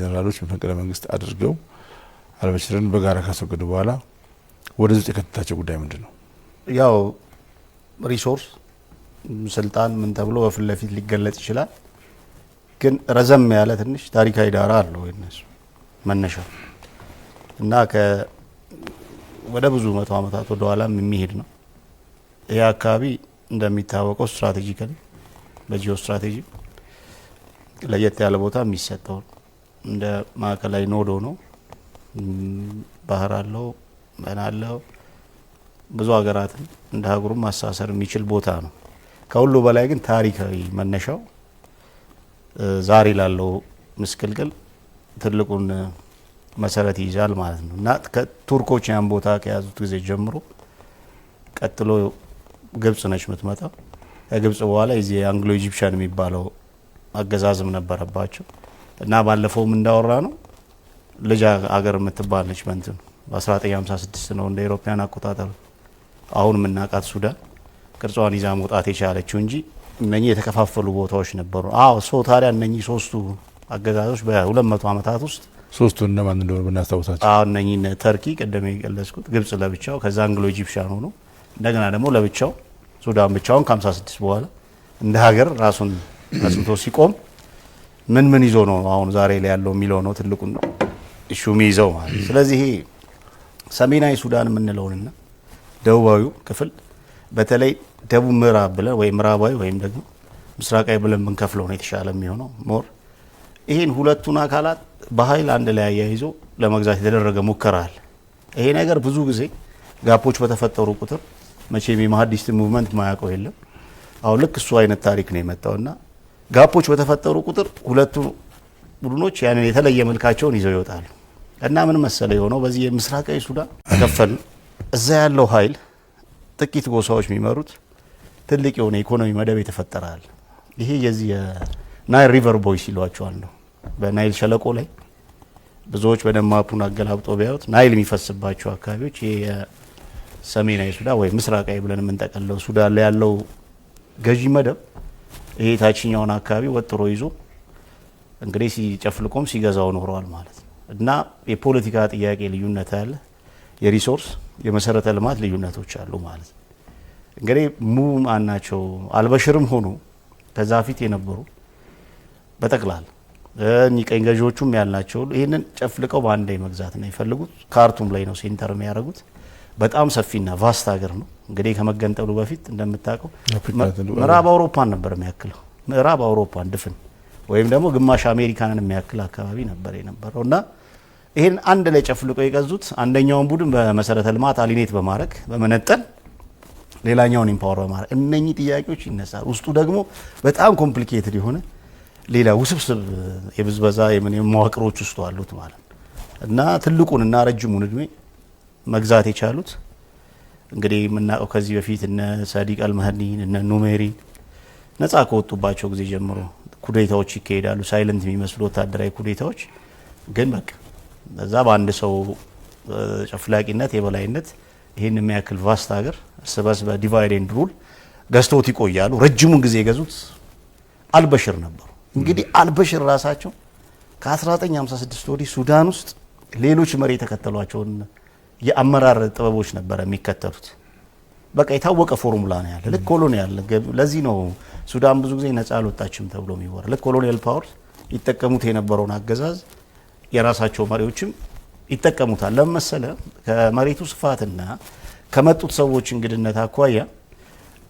ጀነራሎች መፈንቅለ መንግስት አድርገው አልበሽርን በጋራ ካስወገዱ በኋላ ወደ ውስጥ የከተታቸው ጉዳይ ምንድን ነው? ያው ሪሶርስ፣ ስልጣን ምን ተብሎ በፊት ለፊት ሊገለጽ ይችላል። ግን ረዘም ያለ ትንሽ ታሪካዊ ዳራ አለው የነሱ መነሻ እና ወደ ብዙ መቶ ዓመታት ወደ ኋላም የሚሄድ ነው። ይህ አካባቢ እንደሚታወቀው ስትራቴጂካሊ በጂኦ ስትራቴጂ ለየት ያለ ቦታ የሚሰጠው ነው። እንደ ማዕከላዊ ኖዶ ነው። ባህር አለው መን አለው ብዙ ሀገራትን እንደ ሀገሩ ማሳሰር የሚችል ቦታ ነው። ከሁሉ በላይ ግን ታሪካዊ መነሻው ዛሬ ላለው ምስቅልቅል ትልቁን መሰረት ይይዛል ማለት ነው እና ከቱርኮች ያን ቦታ ከያዙት ጊዜ ጀምሮ ቀጥሎ ግብጽ ነች የምትመጣው። ከግብጽ በኋላ የዚህ አንግሎ ኢጂፕሽን የሚባለው አገዛዝም ነበረባቸው። እና ባለፈውም እንዳወራ ነው ልጅ አገር የምትባል ልጅ በእንትን በ1956 ነው እንደ ኢሮፓያን አቆጣጠር አሁን የምናውቃት ሱዳን ቅርጿን ይዛ መውጣት የቻለችው እንጂ እነኚህ የተከፋፈሉ ቦታዎች ነበሩ። አዎ ሶ ታዲያ እነኚህ ሶስቱ አገዛዞች በ200 ዓመታት ውስጥ ሶስቱ እነማን እንደሆነ ብናስታውሳቸው፣ አዎ እነኚህ ተርኪ ቀደም የገለጽኩት፣ ግብጽ ለብቻው፣ ከዛ አንግሎ ኢጂፕሽያን ሆኖ እንደገና ደግሞ ለብቻው ሱዳን ብቻውን ከ56 በኋላ እንደ ሀገር ራሱን አጽንቶ ሲቆም ምን ምን ይዞ ነው አሁን ዛሬ ላይ ያለው የሚለው ነው ትልቁን እሹ የሚይዘው ማለት ነው። ስለዚህ ሰሜናዊ ሱዳን የምንለውንና ደቡባዊ ክፍል በተለይ ደቡብ ምዕራብ ብለን ወይ ምዕራባዊ ወይም ደግሞ ምስራቃዊ ብለን ብንከፍለው ነው የተሻለ የሚሆነው። ሞር ይህን ሁለቱን አካላት በኃይል አንድ ላይ አያይዞ ለመግዛት የተደረገ ሙከራ አለ። ይሄ ነገር ብዙ ጊዜ ጋፖች በተፈጠሩ ቁጥር መቼም የማሀዲስት ሙቭመንት ማያውቀው የለም። አሁን ልክ እሱ አይነት ታሪክ ነው የመጣውና ጋፖች በተፈጠሩ ቁጥር ሁለቱ ቡድኖች ያንን የተለየ መልካቸውን ይዘው ይወጣሉ እና ምን መሰለ የሆነው በዚህ የምስራቃዊ ሱዳን ከፈል እዛ ያለው ኃይል ጥቂት ጎሳዎች የሚመሩት ትልቅ የሆነ ኢኮኖሚ መደብ የተፈጠራል። ይሄ የዚህ የናይል ሪቨር ቦይስ ይሏቸዋል ነው። በናይል ሸለቆ ላይ ብዙዎች በደማፑን አገላብጦ ቢያዩት ናይል የሚፈስባቸው አካባቢዎች ይሄ የሰሜናዊ ሱዳን ወይም ምስራቃዊ ብለን የምንጠቀለው ሱዳን ላይ ያለው ገዢ መደብ ይሄ ታችኛውን አካባቢ ወጥሮ ይዞ እንግዲህ ሲጨፍልቆም ሲገዛው ኖረዋል ማለት ነው። እና የፖለቲካ ጥያቄ ልዩነት አለ፣ የሪሶርስ የመሰረተ ልማት ልዩነቶች አሉ ማለት ነው። እንግዲህ ሙ ማናቸው አልበሽርም ሆኖ ከዛ ፊት የነበሩ በጠቅላላ እኚህ ቀኝ ገዢዎቹም ያልናቸው ይህንን ጨፍልቀው በአንድ መግዛት ነው የፈለጉት። ካርቱም ላይ ነው ሴንተር የሚያደርጉት። በጣም ሰፊና ቫስት ሀገር ነው። እንግዲህ ከመገንጠሉ በፊት እንደምታውቀው ምዕራብ አውሮፓን ነበር የሚያክለው ምዕራብ አውሮፓን ድፍን ወይም ደግሞ ግማሽ አሜሪካንን የሚያክል አካባቢ ነበር የነበረው እና ይህን አንድ ላይ ጨፍልቆ የገዙት አንደኛውን ቡድን በመሰረተ ልማት አሊኔት በማድረግ በመነጠል ሌላኛውን ኢምፓወር በማድረግ እነኚህ ጥያቄዎች ይነሳል። ውስጡ ደግሞ በጣም ኮምፕሊኬትድ የሆነ ሌላ ውስብስብ የብዝበዛ የመዋቅሮች ውስጡ አሉት ማለት እና ትልቁንና ረጅሙን እድሜ መግዛት የቻሉት እንግዲህ የምናውቀው ከዚህ በፊት እነ ሳዲቅ አልመህዲን እነ ኑሜሪን ነጻ ከወጡባቸው ጊዜ ጀምሮ ኩዴታዎች ይካሄዳሉ። ሳይለንት የሚመስሉ ወታደራዊ ኩዴታዎች ግን በቃ በዛ በአንድ ሰው ጨፍላቂነት የበላይነት ይህን የሚያክል ቫስት ሀገር እርስ በርስ በዲቫይድ ኤንድ ሩል ገዝቶት ይቆያሉ። ረጅሙን ጊዜ የገዙት አልበሽር ነበሩ። እንግዲህ አልበሽር ራሳቸው ከ1956 ወዲህ ሱዳን ውስጥ ሌሎች መሪ የተከተሏቸውን የአመራር ጥበቦች ነበረ የሚከተሉት። በቃ የታወቀ ፎርሙላ ነው ያለ። ልክ ኮሎኒያል ለዚህ ነው ሱዳን ብዙ ጊዜ ነጻ አልወጣችም ተብሎ የሚወራ ልክ ኮሎኒያል ፓወር ይጠቀሙት የነበረውን አገዛዝ የራሳቸው መሪዎችም ይጠቀሙታል። ለምን መሰለ? ከመሬቱ ስፋትና ከመጡት ሰዎች እንግድነት አኳያ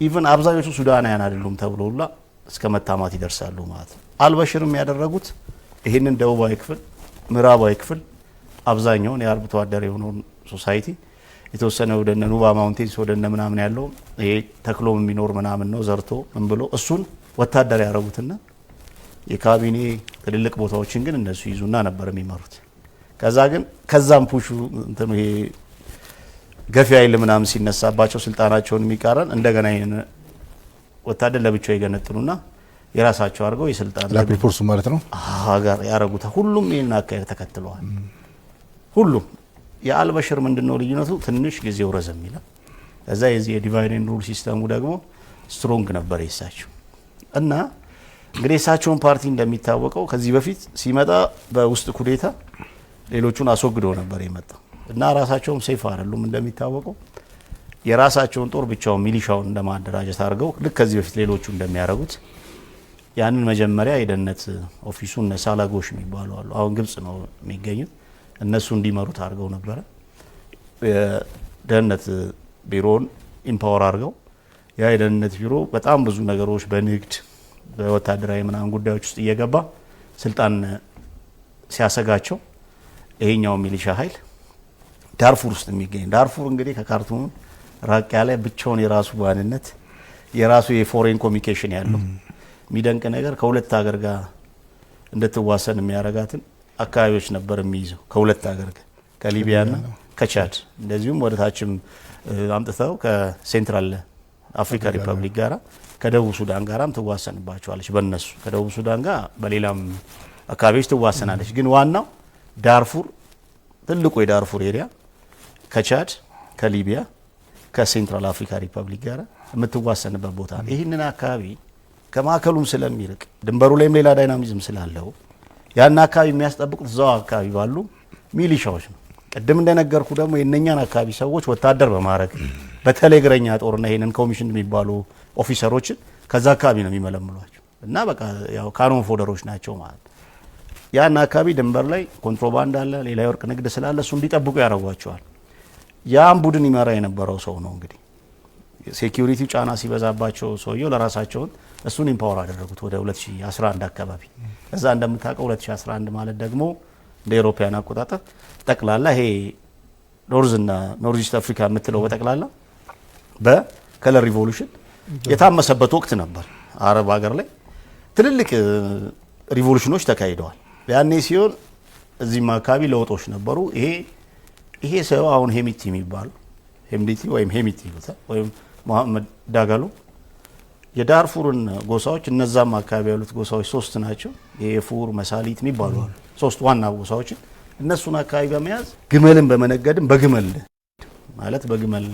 ኢቨን አብዛኞቹ ሱዳናውያን አይደሉም ተብሎ ሁላ እስከ መታማት ይደርሳሉ ማለት ነው። አልበሽርም ያደረጉት ይህንን ደቡባዊ ክፍል፣ ምዕራባዊ ክፍል አብዛኛውን የአርብቶ አደር የሆነውን ሶሳይቲ የተወሰነ ወደነ ኑባ ማውንቴንስ ወደነ ምናምን ያለው ይሄ ተክሎም የሚኖር ምናምን ነው ዘርቶ ምን ብሎ እሱን ወታደር ያደረጉትና የካቢኔ ትልልቅ ቦታዎችን ግን እነሱ ይዙና ነበር የሚመሩት። ከዛ ግን ከዛም ፑሹ እንትኑ ይሄ ገፊ ኃይል ምናምን ሲነሳባቸው ስልጣናቸውን የሚቃረን እንደገና ይህን ወታደር ለብቻው የገነጥሉና የራሳቸው አድርገው የስልጣን ላፒፖርሱ ማለት ነው ጋር ያረጉታል። ሁሉም ይህን አካሄድ ተከትለዋል። ሁሉም የአልበሽር ምንድን ነው ልዩነቱ? ትንሽ ጊዜው ረዘም ይላል። እዛ የዚህ የዲቫይን ሩል ሲስተሙ ደግሞ ስትሮንግ ነበር የሳቸው እና እንግዲህ የሳቸውን ፓርቲ እንደሚታወቀው ከዚህ በፊት ሲመጣ በውስጥ ኩዴታ ሌሎቹን አስወግዶ ነበር የመጣው እና ራሳቸውም ሴፍ አይደሉም እንደሚታወቀው የራሳቸውን ጦር ብቻውን ሚሊሻውን እንደማደራጀት አድርገው ልክ ከዚህ በፊት ሌሎቹ እንደሚያደርጉት ያንን መጀመሪያ የደህንነት ኦፊሱ እነ ሳላጎሽ የሚባሉ አሉ። አሁን ግብጽ ነው የሚገኙት። እነሱ እንዲመሩት አድርገው ነበረ። የደህንነት ቢሮውን ኢምፓወር አድርገው ያ የደህንነት ቢሮ በጣም ብዙ ነገሮች በንግድ በወታደራዊ ምናምን ጉዳዮች ውስጥ እየገባ ስልጣን ሲያሰጋቸው ይሄኛው ሚሊሻ ኃይል ዳርፉር ውስጥ የሚገኝ ዳርፉር እንግዲህ ከካርቱም ራቅ ያለ ብቻውን የራሱ ባንነት የራሱ የፎሬን ኮሚኒኬሽን ያለው የሚደንቅ ነገር ከሁለት ሀገር ጋር እንድትዋሰን የሚያረጋትን አካባቢዎች ነበር የሚይዘው ከሁለት ሀገር ከሊቢያና ከቻድ እንደዚሁም ወደ ታችም አምጥተው ከሴንትራል አፍሪካ ሪፐብሊክ ጋራ ከደቡብ ሱዳን ጋራም ትዋሰንባቸዋለች። በነሱ ከደቡብ ሱዳን ጋር በሌላም አካባቢዎች ትዋሰናለች። ግን ዋናው ዳርፉር ትልቁ የዳርፉር ኤሪያ ከቻድ ከሊቢያ ከሴንትራል አፍሪካ ሪፐብሊክ ጋር የምትዋሰንበት ቦታ ነው። ይህንን አካባቢ ከማዕከሉም ስለሚርቅ ድንበሩ ላይም ሌላ ዳይናሚዝም ስላለው ያን አካባቢ የሚያስጠብቁት እዛው አካባቢ ባሉ ሚሊሻዎች ነው። ቅድም እንደነገርኩ ደግሞ የእነኛን አካባቢ ሰዎች ወታደር በማድረግ በተለይ እግረኛ ጦርና ይሄንን ኮሚሽን የሚባሉ ኦፊሰሮችን ከዛ አካባቢ ነው የሚመለምሏቸው እና በቃ ያው ካኖን ፎደሮች ናቸው ማለት ነው። ያን አካባቢ ድንበር ላይ ኮንትሮባንድ አለ፣ ሌላ የወርቅ ንግድ ስላለ እሱ እንዲጠብቁ ያደርጓቸዋል። ያን ቡድን ይመራ የነበረው ሰው ነው እንግዲህ ሴኪሪቲው ጫና ሲበዛባቸው ሰውየው ለራሳቸውን እሱን ኢምፓወር አደረጉት ወደ 2011 አካባቢ እዛ እንደምታውቀው 2011 ማለት ደግሞ እንደ ኤሮፓያን አቆጣጠር ጠቅላላ ይሄ ኖርዝና ኖርዝ ኢስት አፍሪካ የምትለው በጠቅላላ በከለር ሪቮሉሽን የታመሰበት ወቅት ነበር። አረብ ሀገር ላይ ትልልቅ ሪቮሉሽኖች ተካሂደዋል። ያኔ ሲሆን እዚህም አካባቢ ለውጦች ነበሩ። ይሄ ይሄ ሰው አሁን ሄሚቲ የሚባሉ ሄምዲቲ ወይም ሄሚቲ ወይም መሐመድ ዳጋሎ የዳርፉርን ጎሳዎች እነዛም አካባቢ ያሉት ጎሳዎች ሶስት ናቸው። የፉር መሳሊት የሚባሉ አሉ። ሶስት ዋና ጎሳዎችን እነሱን አካባቢ በመያዝ ግመልን በመነገድም በግመል ማለት በግመል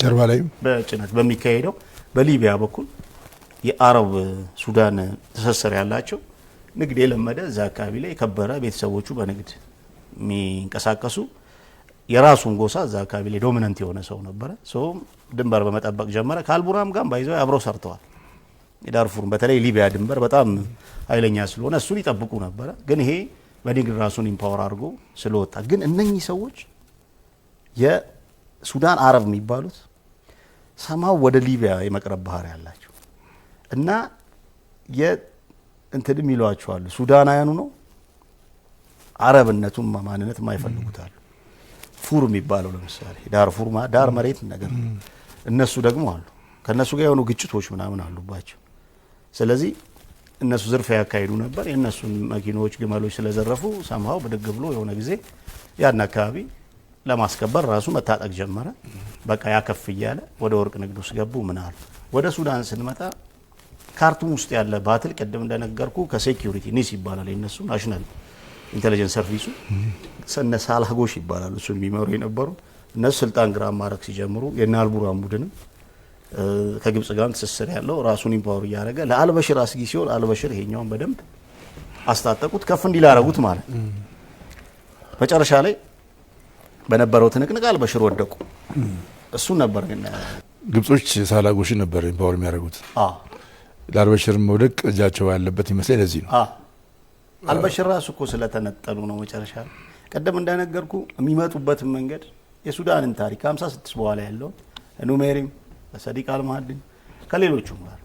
ጀርባ ላይ በጭነት በሚካሄደው በሊቢያ በኩል የአረብ ሱዳን ትስስር ያላቸው ንግድ የለመደ እዚ አካባቢ ላይ የከበረ ቤተሰቦቹ በንግድ የሚንቀሳቀሱ የራሱን ጎሳ እዛ አካባቢ ላይ ዶሚነንት የሆነ ሰው ነበረ። ሰውም ድንበር በመጠበቅ ጀመረ። ከአልቡራም ጋር ባይዘ አብረው ሰርተዋል። የዳርፉርን በተለይ ሊቢያ ድንበር በጣም ኃይለኛ ስለሆነ እሱን ይጠብቁ ነበረ። ግን ይሄ በንግድ ራሱን ኢምፓወር አድርጎ ስለወጣ ግን እነኚህ ሰዎች የሱዳን አረብ የሚባሉት ሰማው ወደ ሊቢያ የመቅረብ ባህሪ ያላቸው እና የእንትንም ይሏቸዋሉ ሱዳናውያኑ ነው አረብነቱን ማንነት ማይፈልጉታል ፉር የሚባለው ለምሳሌ ዳር ፉር ዳር መሬት ነገር እነሱ ደግሞ አሉ ከእነሱ ጋር የሆኑ ግጭቶች ምናምን አሉባቸው። ስለዚህ እነሱ ዝርፊያ ያካሂዱ ነበር። የእነሱን መኪኖች፣ ግመሎች ስለዘረፉ ሰምሀው ብድግ ብሎ የሆነ ጊዜ ያን አካባቢ ለማስከበር ራሱ መታጠቅ ጀመረ። በቃ ያከፍ እያለ ወደ ወርቅ ንግድ ውስጥ ገቡ። ምን አሉ። ወደ ሱዳን ስንመጣ ካርቱም ውስጥ ያለ ባትል ቅድም እንደነገርኩ ከሴኪሪቲ ኒስ ይባላል የነሱ ናሽናል ኢንቴሊጀንስ ሰርቪሱ እነ ሳላጎሽ ይባላሉ። እሱ የሚመሩ የነበሩ እነሱ ስልጣን ግራ ማድረግ ሲጀምሩ የነ አልቡራን ቡድንም ከግብጽ ጋር ትስስር ያለው ራሱን ኢምፓወር እያደረገ ለአልበሽር አስጊ ሲሆን አልበሽር ይሄኛውን በደንብ አስታጠቁት፣ ከፍ እንዲላረጉት ማለት መጨረሻ ላይ በነበረው ትንቅንቅ አልበሽር ወደቁ። እሱን ነበር ግን ግብጾች ሳላጎሽ ነበር ኢምፓወር የሚያደርጉት። ለአልበሽር መውደቅ እጃቸው ያለበት ይመስለኝ ለዚህ ነው። አልበሽር ራሱ እኮ ስለተነጠሉ ነው። መጨረሻ ቀደም እንደነገርኩ የሚመጡበትን መንገድ የሱዳንን ታሪክ ከሀምሳ ስድስት በኋላ ያለውን ኑሜሪም በሰዲቅ አልማህዲም ከሌሎቹም ጋር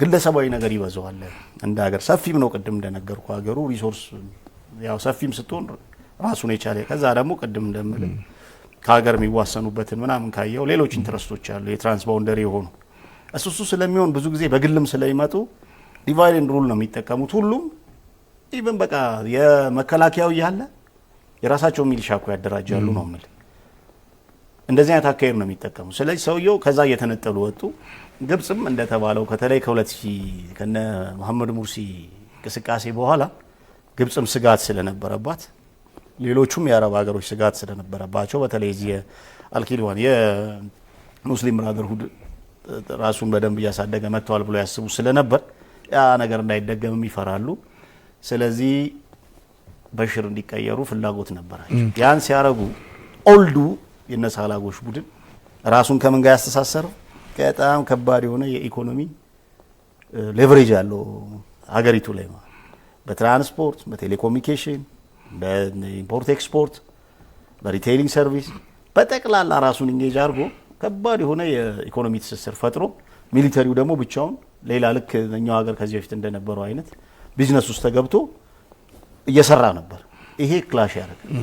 ግለሰባዊ ነገር ይበዛዋል። እንደ ሀገር ሰፊም ነው። ቅድም እንደነገርኩ ሀገሩ ሪሶርስ ያው ሰፊም ስትሆን ራሱን የቻለ ከዛ ደግሞ ቅድም እንደምል ከሀገር የሚዋሰኑበትን ምናምን ካየው ሌሎች ኢንትረስቶች አሉ የትራንስባውንደሪ የሆኑ እሱ እሱ ስለሚሆን ብዙ ጊዜ በግልም ስለሚመጡ ዲቫይድ ኤንድ ሩል ነው የሚጠቀሙት ሁሉም ኢቨን በቃ የመከላከያው እያለ የራሳቸው ሚሊሻ እኮ ያደራጃሉ ነው የምልህ። እንደዚህ አይነት አካሄድ ነው የሚጠቀሙ። ስለዚህ ሰውየው ከዛ እየተነጠሉ ወጡ። ግብጽም እንደተባለው ከተለይ ከ2000 ከነ መሐመድ ሙርሲ እንቅስቃሴ በኋላ ግብጽም ስጋት ስለነበረባት ሌሎቹም የአረብ ሀገሮች ስጋት ስለነበረባቸው በተለይ እዚህ የአልኪልዋን የሙስሊም ብራደርሁድ ራሱን በደንብ እያሳደገ መጥተዋል ብሎ ያስቡ ስለነበር ያ ነገር እንዳይደገምም ይፈራሉ። ስለዚህ በሽር እንዲቀየሩ ፍላጎት ነበራቸው። ያን ሲያረጉ ኦልዱ የነሳ ላጎች ቡድን ራሱን ከምን ጋር ያስተሳሰረው በጣም ከባድ የሆነ የኢኮኖሚ ሌቨሬጅ ያለው ሀገሪቱ ላይ ማለት በትራንስፖርት፣ በቴሌኮሙኒኬሽን፣ በኢምፖርት ኤክስፖርት፣ በሪቴይሊንግ ሰርቪስ በጠቅላላ ራሱን እንጌጅ አድርጎ ከባድ የሆነ የኢኮኖሚ ትስስር ፈጥሮ ሚሊተሪው ደግሞ ብቻውን ሌላ ልክ እኛው ሀገር ከዚህ በፊት እንደነበረው አይነት ቢዝነስ ውስጥ ተገብቶ እየሰራ ነበር። ይሄ ክላሽ ያደርጋል።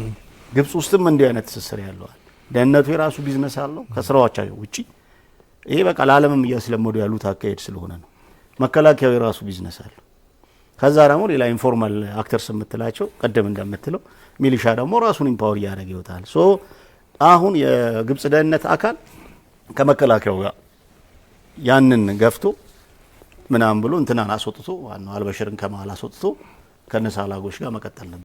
ግብጽ ውስጥም እንዲህ አይነት ትስስር ያለዋል። ደህንነቱ የራሱ ቢዝነስ አለው ከስራዎች ውጭ። ይሄ በቃ ለዓለምም እያስለመዱ ያሉት አካሄድ ስለሆነ ነው። መከላከያው የራሱ ቢዝነስ አለው። ከዛ ደግሞ ሌላ ኢንፎርማል አክተርስ የምትላቸው ቀደም እንደምትለው ሚሊሻ ደግሞ ራሱን ኢምፓወር እያደረገ ይወጣል። ሶ አሁን የግብጽ ደህንነት አካል ከመከላከያው ጋር ያንን ገፍቶ ምናምን ብሎ እንትናን አስወጥቶ ዋናው አልበሽርን ከመሀል አስወጥቶ ከነሳላጎች ጋር መቀጠል ነበር።